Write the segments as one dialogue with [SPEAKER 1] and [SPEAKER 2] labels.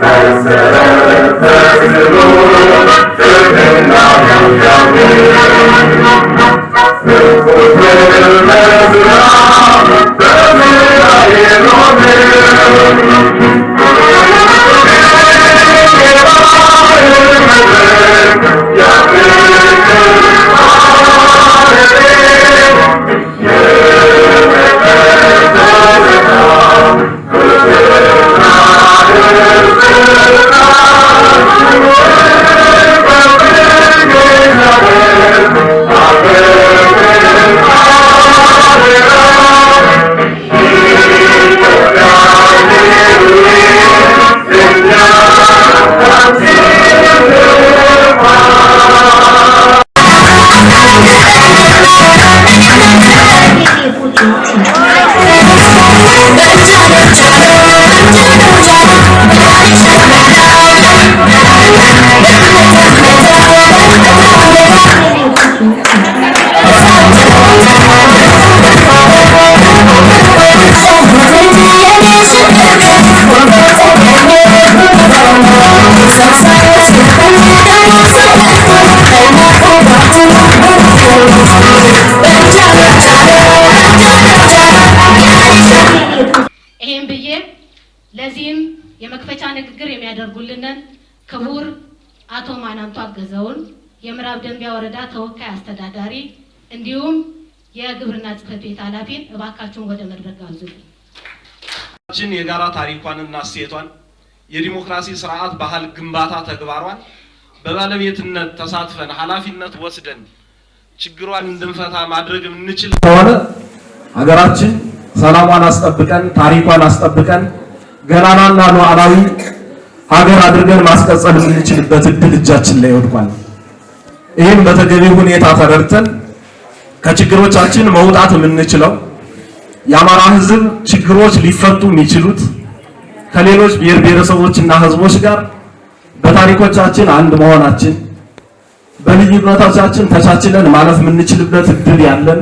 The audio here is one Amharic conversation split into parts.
[SPEAKER 1] Thank the Lord. ለዚህም የመክፈቻ ንግግር የሚያደርጉልንን ክቡር አቶ ማናንቱ አገዘውን የምዕራብ ደንቢያ ወረዳ ተወካይ አስተዳዳሪ እንዲሁም የግብርና ጽህፈት ቤት ኃላፊን እባካችሁን ወደ መድረክ ጋብዙልኝ።
[SPEAKER 2] ችን የጋራ ታሪኳንና እሴቷን የዲሞክራሲ ስርዓት ባህል ግንባታ ተግባሯን በባለቤትነት ተሳትፈን ኃላፊነት ወስደን ችግሯን እንድንፈታ ማድረግ የምንችል
[SPEAKER 3] ከሆነ ሀገራችን ሰላሟን አስጠብቀን ታሪኳን አስጠብቀን ገናናና ሉዓላዊ ሀገር አድርገን ማስቀጸል የምንችልበት እድል እጃችን ላይ ወድቋል። ይህም በተገቢ ሁኔታ ተረድተን ከችግሮቻችን መውጣት የምንችለው የአማራ ሕዝብ ችግሮች ሊፈቱ የሚችሉት ከሌሎች ብሔር ብሔረሰቦችና ሕዝቦች ጋር በታሪኮቻችን አንድ መሆናችን፣ በልዩነቶቻችን ተቻችለን ማለፍ የምንችልበት እድል ያለን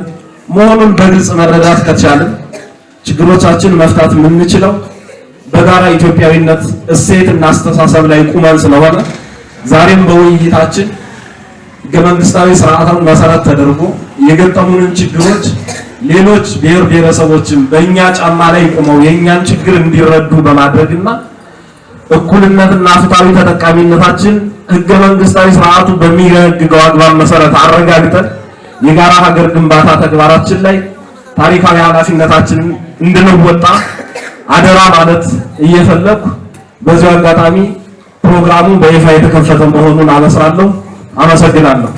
[SPEAKER 3] መሆኑን በግልጽ መረዳት ከቻልን ችግሮቻችን መፍታት የምንችለው በጋራ ኢትዮጵያዊነት እሴት እና አስተሳሰብ ላይ ቁመን ስለሆነ ዛሬም በውይይታችን ህገ መንግስታዊ መሰረት ተደርጎ የገጠሙንን ችግሮች ሌሎች ብሔር ብሔረሰቦችን በእኛ ጫማ ላይ ቆመው የእኛን ችግር እንዲረዱ በማድረግና እኩልነትና ፍትሃዊ ተጠቃሚነታችን ህገ መንግስታዊ ስርዓቱ በሚረግገው አግባብ መሰረት አረጋግጠን የጋራ ሀገር ግንባታ ተግባራችን ላይ ታሪካዊ ኃላፊነታችንን እንድንወጣ አደራ ማለት እየፈለኩ በዚሁ አጋጣሚ ፕሮግራሙ በይፋ የተከፈተ መሆኑን አበስራለሁ። አመሰግናለሁ።